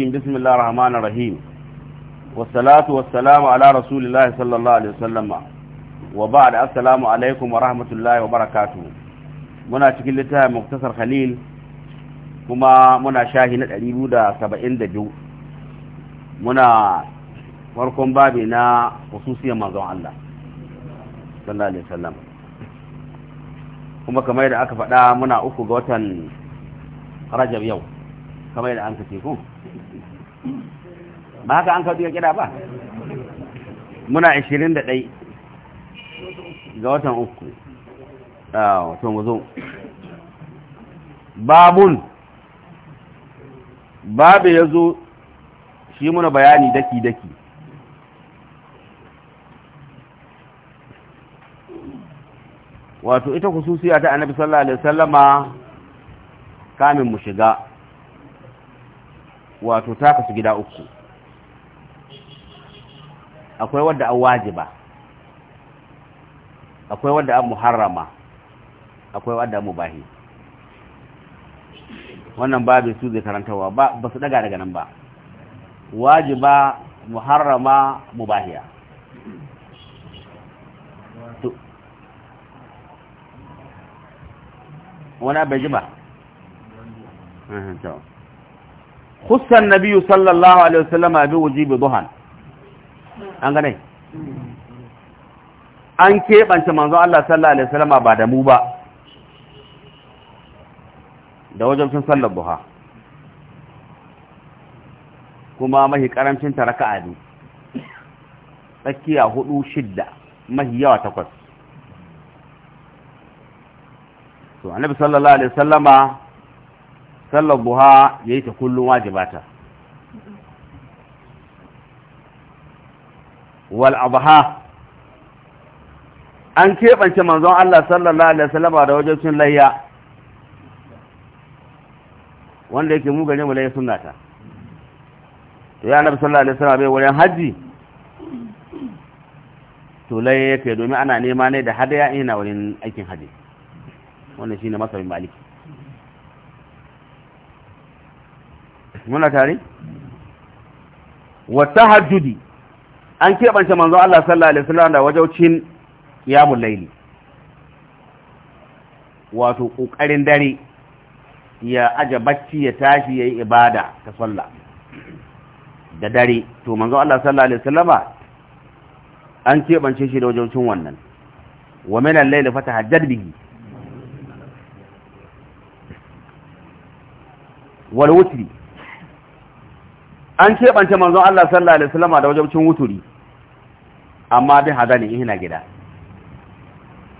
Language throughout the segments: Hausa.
بسم الله الرحمن الرحيم والصلاة والسلام على رسول الله صلى الله عليه وسلم وبعد السلام عليكم ورحمة الله وبركاته منا تكلتها مختصر خليل كما منا شاهنة اليبودة سبعين دجو منا وركم بابنا خصوصيا منظوم الله صلى الله عليه وسلم kuma kamar yadda aka faɗa muna uku ga watan rajab yau kamar yadda an kace ku ba haka an kawo duka kira ba muna 21 ga watan uku a wato guzo babun babu ya zo shi muna bayani daki-daki wato ita kususiya ta annabi sallallahu alaihi wasallama kamin mu shiga wato taka su gida uku akwai wadda an wajiba akwai wadda an muharrama akwai wadda an mubahi wannan babu su zai karantawa ba su daga daga nan ba wajiba muharrama mubahiya wani abin ji ba? khusan Nabiyu sallallahu alaihi wasallama bi wujibi duhan an gane an keɓance manzon Allah sallallahu alaihi wasallama ba da mu ba da wajen sun sallar duha kuma mahi karamcin ta raka'a ne tsakiya hudu shidda mahi yawa takwas to annabi sallallahu alaihi wasallama sallar buha ya yi ta kullum wajibata wal abaha an keɓance manzon Allah sallallahu alaihi wasallama da wajen cin layya wanda yake muga ne mu layya ta to ya annabi sallallahu alaihi wasallama bai wurin haji to layya yake domin ana nema ne da hadaya ina wurin aikin haji wannan shine masabin maliki muna tare wa tahajjudi an keɓance manzo Allah sallallahu alaihi wasallam da wajaucin qiyamul layli wato kokarin dare ya aje bacci ya tashi yayi ibada ta sallah da dare to manzo Allah sallallahu alaihi wasallama an keɓance shi da wajaucin wannan wa min al-layli fatahajjad bihi wal wutri an keɓance manzon Allah sallallahu alaihi wasallama da wajen cin wuturi amma bin haza ne in gida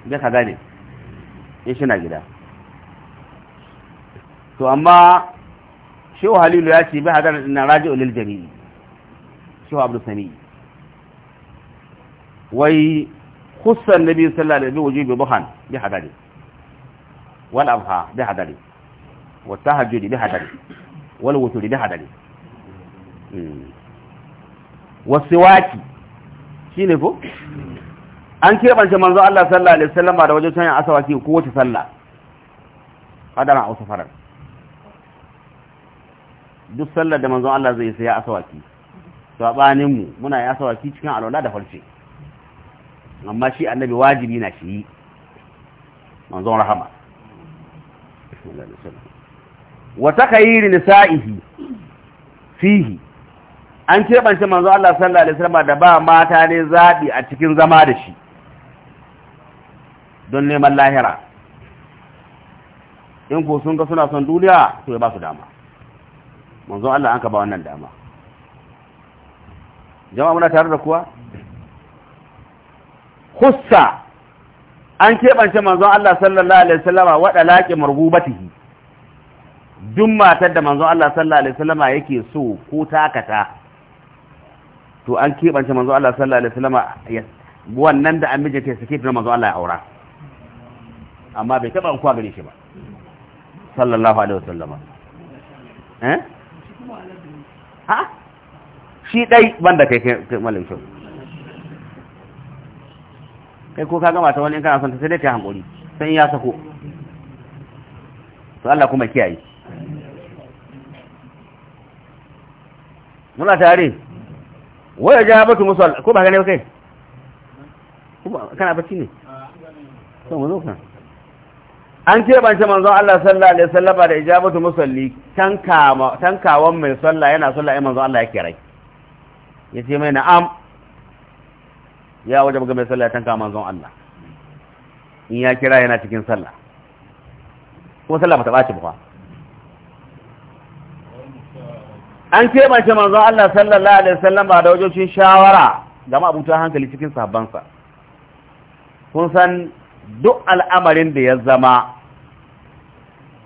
bin haza ne in gida to amma shehu halilu ya ce bin haza na raji lil jami'i shehu abdul sami wai khussan nabi sallallahu alaihi wasallam wujubi bin haza ne, wal abha ne wata wa bin haza ne, wal wuturi haza ne. Hmm. wasiwaki ne ko hmm. an keɓance manzo Allah sallallahu alaihi wasallam da wajen sanya asawaki ko wace sallah Hadana a safarar duk sallar da manzo Allah zai sai ya asawaki sabanin mu muna yi asawaki cikin alwala da farce amma shi annabi wajibi na shi manzo rahama wa takayiri nisa'ihi fihi an keɓance manzo Allah sallallahu alaihi wasallam da ba mata ne zaɓi a cikin zama da shi don neman lahira in ko sun ga suna son duniya to ya ba su dama manzo Allah an ka ba wannan dama jama'a muna tare da kuwa hussa an keɓance manzon Allah sallallahu alaihi wasallama waɗa laƙi margubatihi duk matar da manzon Allah sallallahu alaihi wasallama yake so ko takata to an keɓance manzo Allah sallallahu alaihi wasallam wannan da an mijinta ya sake manzo Allah ya aura amma bai taɓa kuwa gare shi ba sallallahu alaihi wasallam eh ha shi dai banda kai kai malam shi kai ko ka gama ta wani in kana son ta sai dai kai hankuri sai ya sako to Allah kuma kiyaye muna tare wai ga batu musal ko ba gane ba kai kana bacci ne to mu zo kan an keɓance manzon Allah sallallahu alaihi wasallam da ijabatu musalli tankama tankawan mai sallah yana sallah ai manzon Allah yake rai yace mai na'am ya waje ga mai sallah tankama manzon Allah in ya kira yana cikin sallah kuma sallah ba ta ba an kebance manzon Allah sallallahu alaihi wasallam ba da wajocin shawara ga mabuta hankali cikin sahabbansa kun san duk al'amarin da ya zama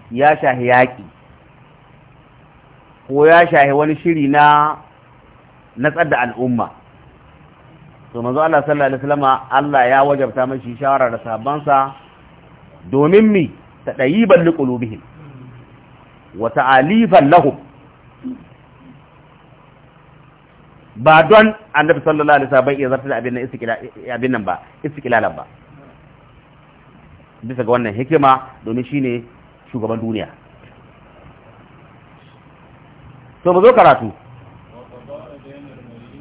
ya shahi yaƙi ko ya shahi wani shiri na natsar da al'umma to manzo Allah sallallahu alaihi wasallam Allah ya wajabta mashi shawara da sahabbansa domin mi ta tadayiban liqulubihim wa ta'alifan lahum ba don annabi sallallahu alaihi wasallam ya zartar abin nan abin nan ba istiqlalan ba bisa ga wannan hikima domin shine shugaban duniya to mu zo karatu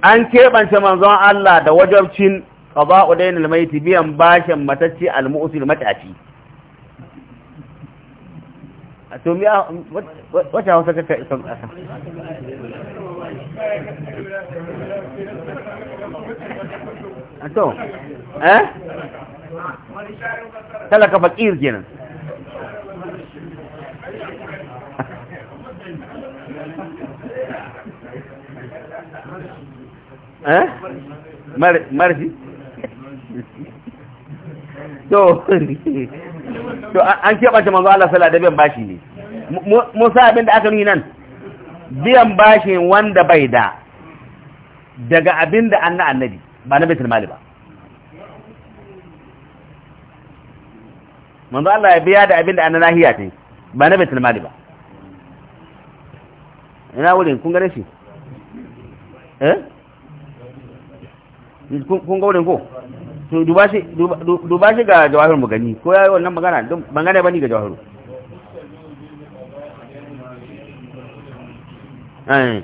an keɓance manzon Allah da wajabcin qada'u dainil maiti biyan bashin matacci, al matati to mi wata wata kaka to eh talaka fakir kenan eh mar marfi to to an ta manzo Allah sallallahu alaihi wasallam bashi ne sa abin da aka nuna nan biyan bashin wanda bai da daga abin da an na annabi ba na baitul mali ba manzo Allah ya biya da abin da an na nahiya ce ba na baitul mali ba ina wurin kun gane shi eh kun ga wurin ko duba shi ga jawahirul magani ko yi wannan magana don magana bani ga jawahiru Eh.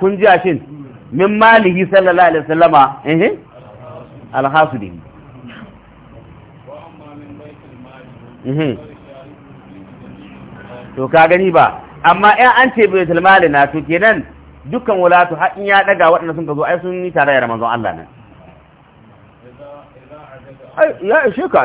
kun ji shin min malihi sallallahu alaihi wasallama eh alhasudi eh. to ka gani ba amma ɗan an ce bai talmali na to kenan dukkan walatu har in ya daga waɗanda sun gazo ai sun yi tare da manzon Allah nan ai ya ishe ka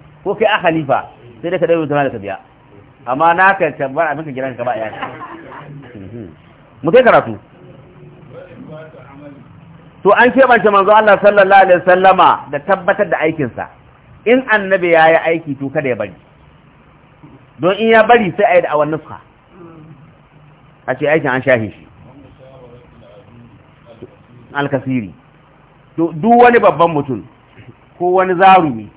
ko kai a halifa sai da ka dai rubuta da tabiya amma na ka tabbar abin ka gidan ka ba iyaka mu kai karatu to an keɓance manzo Allah sallallahu alaihi wasallama da tabbatar da aikin sa in annabi ya yi aiki to kada ya bari don in ya bari sai ayi yi da awan nuska a ce aikin an shahi shi alkasiri to duk wani babban mutum ko wani zarumi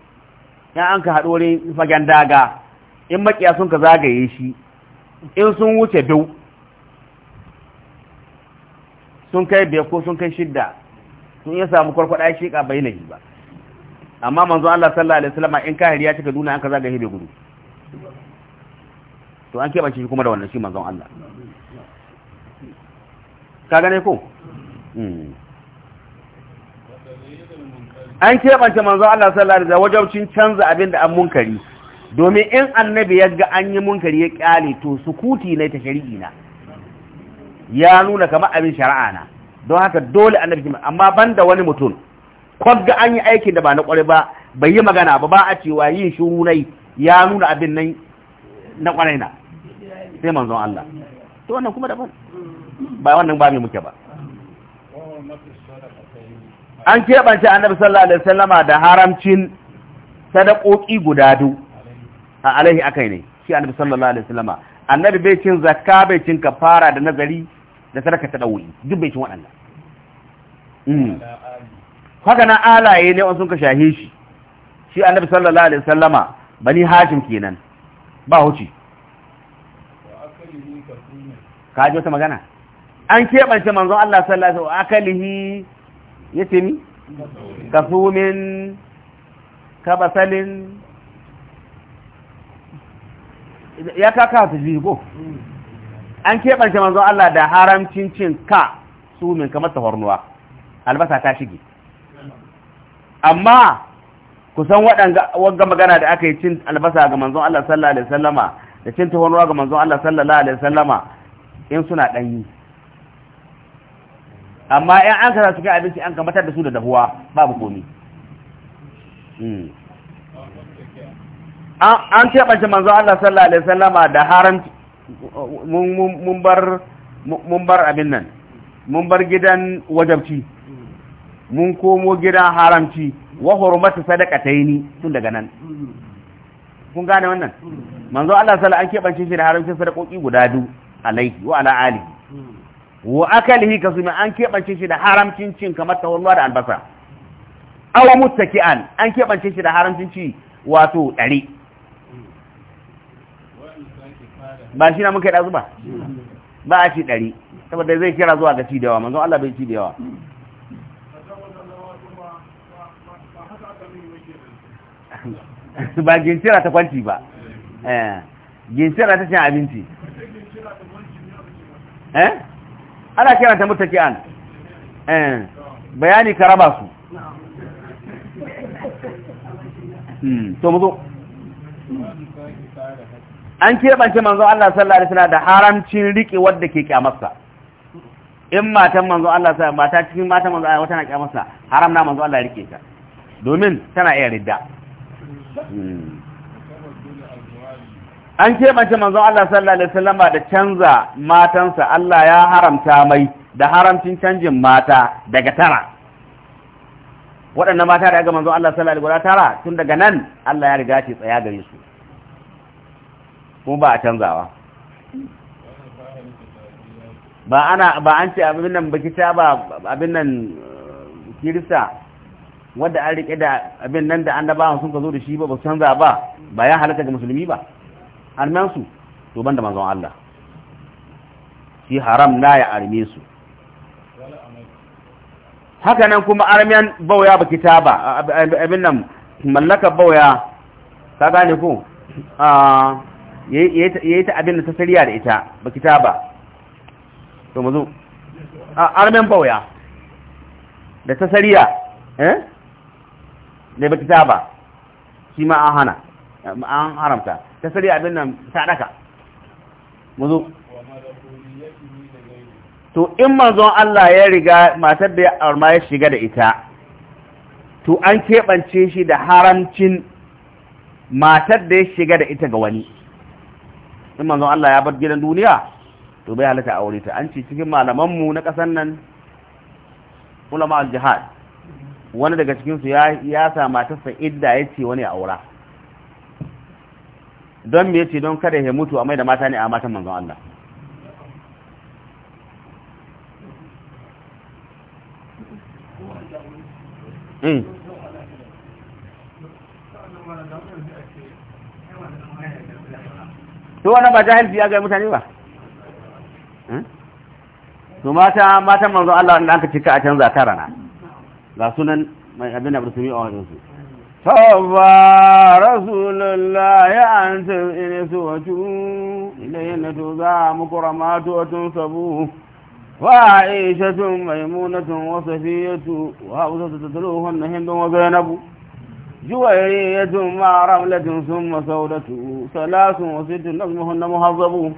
ya an ka haɗu wurin fagen daga in makiya sun ka zagaye shi in sun wuce biyu sun kai biyar ko sun kai shidda sun iya samu kwarkwada shi ka bai nahi ba amma manzo Allah sallallahu alaihi wasallam in ka ya cika duna an ka zagaye bai gudu to an keɓance shi kuma da wannan shi manzon Allah ka gane ko hmm. an keɓance manzon Allah sallallahu alaihi wasallam wajabcin canza abin da an munkari domin in annabi ya ga an yi munkari ya kyale to sukuti ne ta shari'i na ya nuna kamar abin shari'a na don haka dole annabi amma banda wani mutum kwab ga an yi aiki da ba na kware ba bai yi magana ba ba a cewa yin shuru nai ya nuna abin nan na kware na sai manzon Allah to wannan kuma daban ba wannan ba mai muke ba an keɓance annabi sallallahu alaihi wasallama da haramcin sadakoki guda du a alaihi akai ne shi annabi sallallahu alaihi wasallama annabi bai cin zakka bai cin kafara da nazari da sadaka ta dawoyi duk bai cin waɗannan hmm. haka na alaye ne wasu sun ka shahe shi shi annabi sallallahu alaihi wasallama bani hashim kenan ba huci ka ji wata magana an keɓance manzon Allah sallallahu alaihi wa akalihi yace ni kasumin kabasalin ya kaka ta jigo an keɓance manzo Allah da haramcin cin ka sumin kamar ta tafarnuwa albasa ta shige amma kusan waɗanga magana da aka yi cin albasa ga manzon Allah sallallahu alaihi wasallama da cin ta tafarnuwa ga manzon Allah sallallahu alaihi wasallama in suna ɗanyi amma ɗan an kasa cikin abinci an kamatar da su da dahuwa babu komi hmm. an keɓance manzo Allah sallallahu alaihi wasallama da haramci mun bar abin nan mun bar gidan wajabci mun komo gidan haramci wa hurmatu sadaqataini tun daga nan kun gane wannan hmm. manzo Allah sallallahu alaihi wasallam an keɓance shi da haramci sadaqoki guda biyu alaihi wa ala alihi wa akalihi ka sumi an keɓance shi da haramcin cin kamar tahulluwa da albasa aw muttaki'an an keɓance shi da haramcin ci wato ɗari ba shi na muka yi ɗazu ba ba a ci ɗari saboda zai kira zuwa ga ci da yawa manzon Allah bai ci da yawa ba ginsira ta kwanci ba eh, ginsira ta cin abinci eh ana kiranta mutaki'an eh bayani ka raba su hmm, to mu zo an keɓance manzo Allah sallallahu alaihi wasallam da haramcin rike wanda ke kyamarsa in matan manzo Allah wasallam mata cikin matan manzo Allah wata na kyamarsa haram na manzo Allah rike ta domin tana iya ridda hmm. an keɓance manzon Allah sallallahu alaihi wasallam da canza matansa Allah ya haramta mai da haramcin canjin mata daga tara waɗannan mata da ga manzon Allah sallallahu alaihi wasallam tara tun daga nan Allah ya riga shi tsaya gare su ko ba a canzawa ba ana ba an ce abin nan baki ta ba abin nan uh, kirista wanda an rike da abin nan da annabawan sun ka zo da shi ba ba canza ba ba ya halaka ga musulmi ba armen to banda manzon Allah shi haram na ya arme su haka nan kuma armen bauya ba kitaba abin nan mallaka bauya ka gane ko ah, yayi ta abin da ta sariya da ita ba kitaba to mu zo ah, armen bauya da ta sariya eh ne ba kitaba shi ma an hana an haramta ta sari abin nan ta daka muzo to in manzon Allah ya riga matar da ya arma ya shiga da ita to an keɓance shi da haramcin matar da ya shiga da ita ga wani in manzon Allah ya bar gidan duniya to bai halatta aure ta an ce cikin mu na ƙasar nan ulama al-jihad wani daga cikinsu ya sa matarsa idda ya ce wani aura don me yace don kada ya mutu a mai da mata ne a matan manzon Allah hmm. to wannan ba jahil biya ga mutane ba hmm? to mata matan manzon Allah wanda aka cika a can zakara na ga sunan mai abin da musulmi a wajen su توفى رسول الله أن تبئنس وتوم إليهن تباع مكرمات وتنصبوه وعائشة ميمونة وصفية وهوسة تتلوهن هند وزينب جويرية مع رملة ثم سودة ثلاث وست نظمهن مهذبون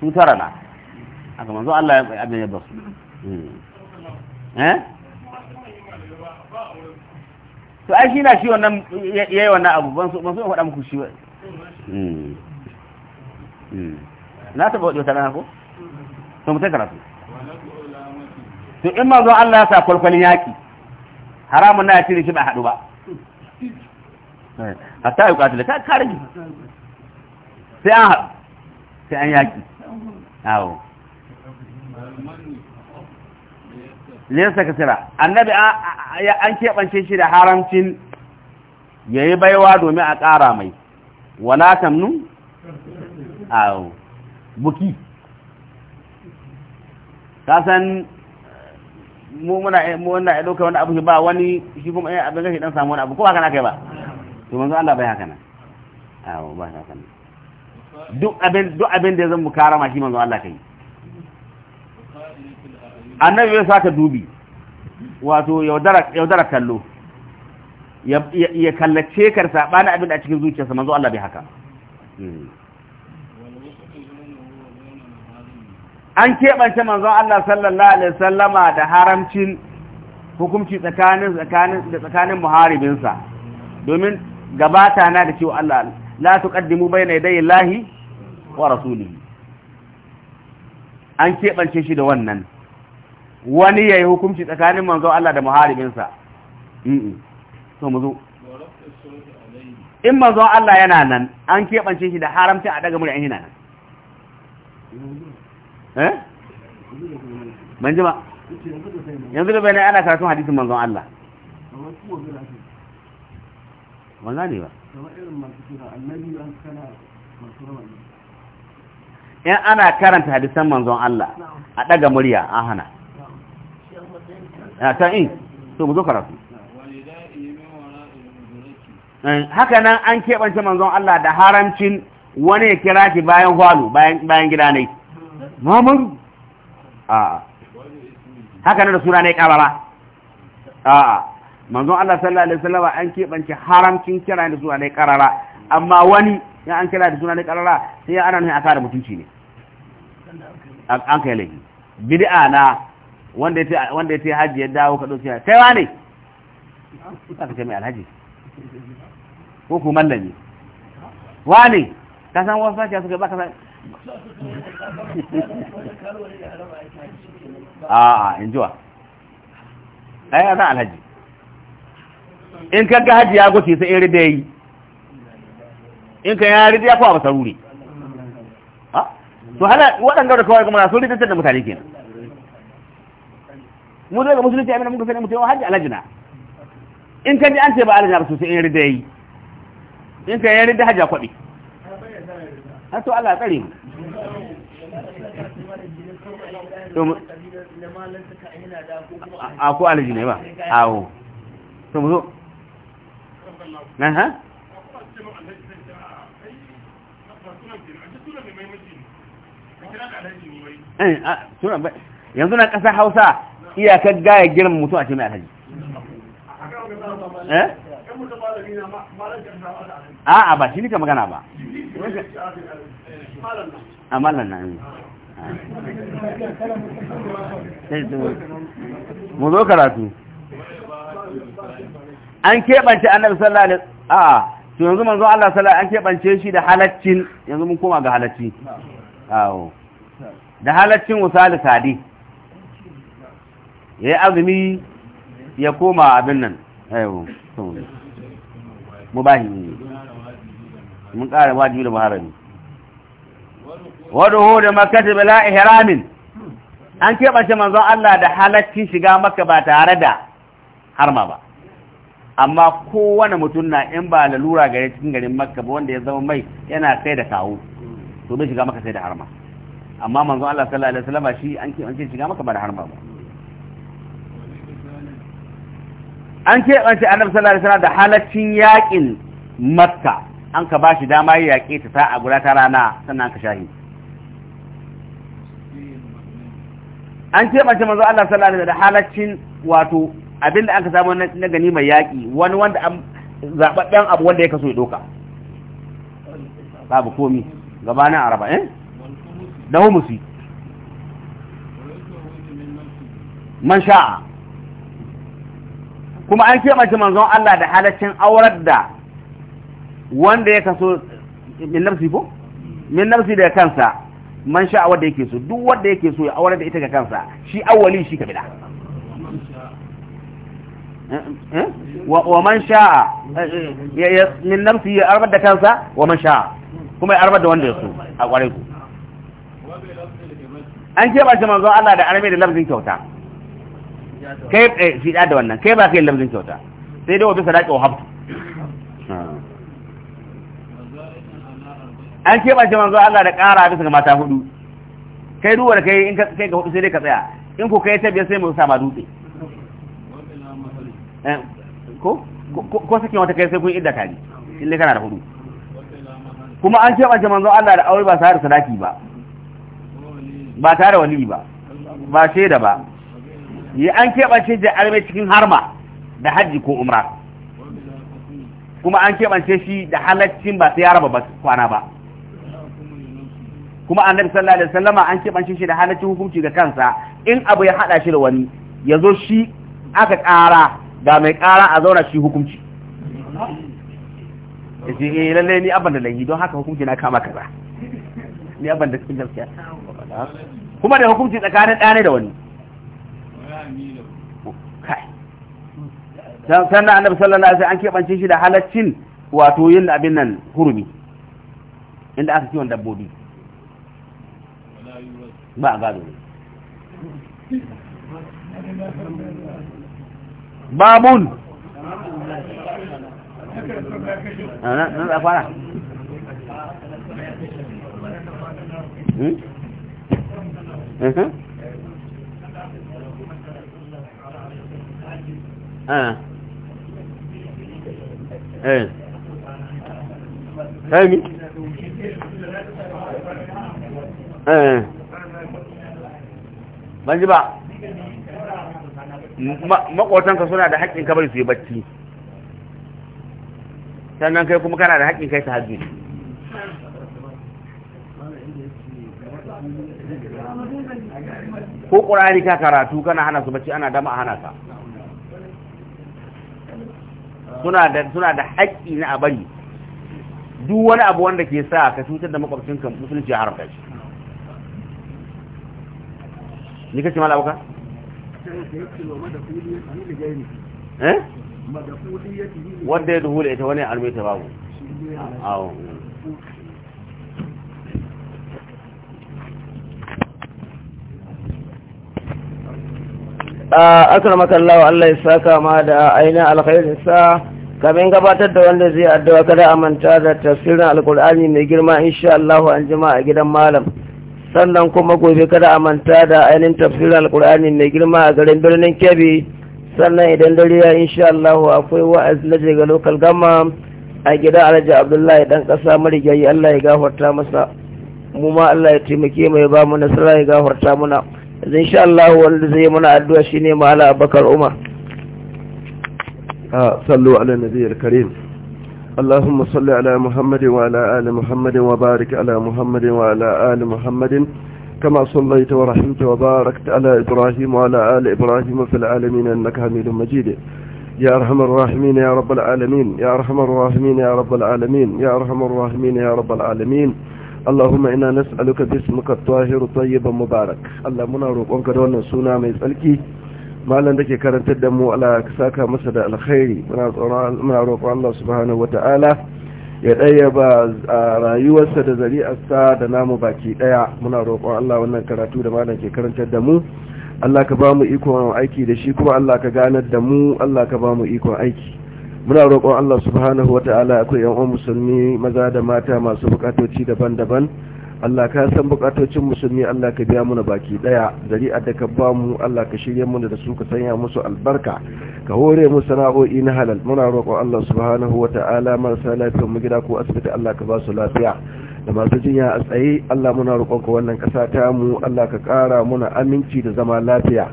سترنا haka manzo Allah ya abin ya basu eh to ai shi na shi wannan yayi wannan abu ban so ban so faɗa muku shi ba hmm. Hmm. na taɓa wata tana ko to mutai karatu to in ma zo Allah ya sa kwalkwalin yaki haramun na ya cire shi ba haɗu ba ta yi ƙatila ta kare sai an haɗu sai an yaki awo lesa kasira annabi an keɓance shi da haramcin ya yi baiwa domin a ƙara mai wala tamnu a buki kasan mu muna mu wanda ya wani abu shi ba wani shi kuma eh abin gashi dan samu wani abu ko haka na kai ba to manzo Allah bai haka nan awo ba haka nan duk abin duk abin da ya zan mukarama shi manzo Allah kai annabi ya saka dubi wato yaudara kallo ya kallace kar saɓani abin da a cikin zuciyarsa manzo Allah bai haka an keɓance manzo Allah sallallahu alaihi sallama da haramcin hukunci tsakanin tsakanin da tsakanin muharibinsa domin gabata na da cewa Allah la tuqaddimu bayna yaday Allah wa rasulihi an keɓance shi da wannan wani ya yi hukunci tsakanin manzo Allah da muharibinsa so mu zo in manzo Allah yana nan an keɓance shi da haramta a daga murya yana nan eh ba yanzu da bayanai ana karatun hadisin manzon Allah ban ne ba in ana karanta hadisan manzon Allah a daga murya an hana Ah, ta in to mu zo karatu eh, haka nan an keɓance manzon Allah da haramcin wani ya kira ki bayan hwalu bayan gida ne mamuru a haka nan da suna ne ƙaba a manzon Allah sallallahu alaihi wasallam an keɓance haramcin kira da suna ne ƙarara amma wani ya an kira da suna ne ƙarara sai ana nuna a da mutunci ne an kai laifi bid'a na wanda ya ce hajji ya dawo ka ɗauki sai wa ne za ka ce mai alhaji ko kuma mallami wa ne ka san wasu sashi suka baka san a a in jiwa ai san alhaji in ka ga hajji ya goce sai iri da yi in ka yari da ya kuwa ba wuri, to hana waɗanda da kawai kuma na sun da mutane kenan مدرج مسلم تعمل ممكن فينا متوحد على جنا انت دي انت بقى على رسول سين ردي انت يا ردي حاجه قبي هاتوا على طريق ثم لما لن تكائن هذا اكو على جنا اهو ثم زو نها ايه اه سنة بقى ينظرنا كسا حوصا iyakar gaya girman mutum a ce mai alhaji eh? a ba shi nika magana ba a malar na mu zo karatu an keɓance annabi sallallahu alaihi a to yanzu manzo Allah sallallahu an keɓance shi da halaccin yanzu mun koma ga halacci awo da halaccin wasali sadi ya yi azumi ya koma abin nan mubahi ne mun ƙara wajibi da muharami wadda hu da makata bila ihramin an keɓance manzon Allah da halaccin shiga maka ba tare da harma ba amma kowane mutum na in ba lalura gare cikin garin makka ba wanda ya zama mai yana sai da kawo to bai shiga maka sai da harma amma manzon Allah sallallahu alaihi wasallam shi an keɓance shiga maka ba da harma ba an keɓance annabi sallallahu alaihi wasallam da halaccin yaƙin makka an ka bashi dama ya yaƙe ta sa'a guda ta rana sannan ka shahi an keɓance manzo Allah sallallahu alaihi wasallam da halaccin wato abinda an ka samu na gani mai yaƙi wani wanda an zaɓaɓɓen abu wanda ya kaso ya ɗoka babu komi gabanin araba eh da humusi man sha'a kuma an keɓance manzon Allah da halaccin aurar da wanda ya kaso min nafsi ko min nafsi da kansa man sha wanda yake so duk wanda yake so ya aurar da ita ga kansa shi awwali shi kabila eh, eh, wa man eh, ya min nafsi ya aurar da kansa wa man sha kuma ya aurar da wanda ya so a kwarai ku an keɓance manzon Allah da arme da lafzin kyauta kai eh, fi da wannan kai ba kai lamzin kyauta sai dai wato bisa daƙi wa haftu an ba ce manzo Allah da ƙara bisa ga mata hudu kai ruwar da kai in ka kai ga hudu sai dai ka tsaya in ko kai tabbiyar sai mu sa ma dutse eh, ko ko sakin wata kai sai kun idda tare in dai kana da hudu kuma an ba ce manzo Allah da aure ba tare da sadaki ba ba tare wali ba ba shaida ba yi an keɓance da arme cikin harma da hajji ko umra kuma an keɓance shi da halaccin ba sai ya raba ba kwana ba kuma annabi sallallahu alaihi wasallama an keɓance shi da halaccin hukunci ga kansa in abu ya hada shi da wani ya zo shi aka ƙara ga mai ƙara a zauna shi hukunci ya eh lallai ni abanda da lahi don haka hukunci na kama kaza ni abanda cikin gaskiya kuma da hukunci tsakanin ɗane da wani kai sannan annabi sallallahu alaihi an keɓance shi da halaccin wato yin abin nan hurumi inda aka kiwon dabbobi ba a gado babun nan da fara Mm-hmm. eh eh mi eh banji ba makotanka suna da haƙƙin kamar su yi bacci sannan kai kuma kana da haƙƙin kai ta hajji ko ƙurari ka karatu kana hana su bacci ana dama a hana ka suna da suna da haƙƙi na a bari duk wani abu wanda ke sa ka cutar da makwabcinka musulunci ya haramta shi ni kace mala abuka eh? wanda ya duhula ita wani almai ta babu awo ah, akramaka Allah Allah ya saka ma da ainihin alkhairinsa kamin gabatar da wanda zai addu'a kada a manta da tafsirin alkur'ani mai girma insha Allah an jima a gidan malam sannan kuma gobe kada a manta da ainihin tafsirin alkur'ani mai girma a garin birnin Kebbi sannan idan dare ya insha Allah akwai wa'azi na ga local gama a gidan Alhaji Abdullahi dan kasa marigayi Allah ya gafarta masa mu ma Allah ya taimake mu ya ba mu nasara ya gafarta muna insha Allah wanda zai mana addu'a shine Malam Abubakar Umar آه، صلوا على النبي الكريم اللهم صل على محمد وعلى آل محمد وبارك على محمد وعلى آل محمد كما صليت ورحمت وباركت على إبراهيم وعلى آل إبراهيم في العالمين أنك حميد مجيد يا أرحم الراحمين يا رب العالمين يا أرحم الراحمين يا رب العالمين يا أرحم الراحمين يا رب العالمين اللهم إنا نسألك باسمك الطاهر الطيب المبارك اللهم أنك دون سونا ميزألكي malam da ke karantar da mu ala saka masa da alkhairi muna roƙon Allah subhanahu wa ta'ala ya ɗaya ba a rayuwarsa da zari'arsa da namu baki ɗaya muna roƙon Allah wannan karatu da malam ke karantar da mu Allah ka ba mu ikon aiki da shi kuma Allah ka ganar da mu Allah ka ba mu ikon aiki muna roƙon Allah subhanahu wa ta'ala akwai yan musulmi maza da mata masu bukatoci daban-daban Allah ka san bukatocin musulmi Allah ka biya muna baki daya zari'ar da ka ba mu Allah ka shirye muna da su ka sanya musu albarka ka hore mu sana'o'i na halal muna roƙon Allah subhanahu wata'ala marasa lafiyar mu gida ko asibiti Allah ka ba su lafiya da masu jinya a tsaye Allah muna roƙon ka wannan ƙasa ta mu Allah ka ƙara muna aminci da zama lafiya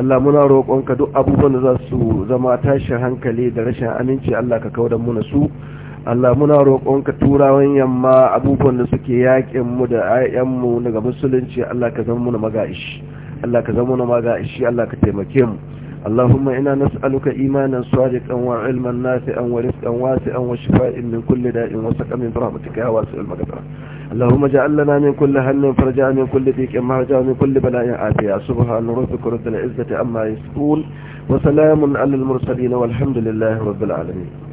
Allah muna roƙon ka duk abubuwan da za su zama tashin hankali da rashin aminci Allah ka kauda muna su Allah muna roƙonka turawan yamma abubuwan da suke yakin mu da ayyanmu daga musulunci Allah ka zama mu magaishi Allah ka zama mu magaishi Allah ka taimake mu Allahumma ina nas'aluka imanan sadiqan wa ilman nafi'an wa rizqan wasi'an wa shifa'an min kulli da'in wa saqan min rahmatika ya wasi'ul maghfirah اللهم اجعل لنا من كل هم فرجا من كل ضيق مرجا من كل بلاء عافيا سبحان ربك رب العزه عما يصفون وسلام على المرسلين والحمد لله رب العالمين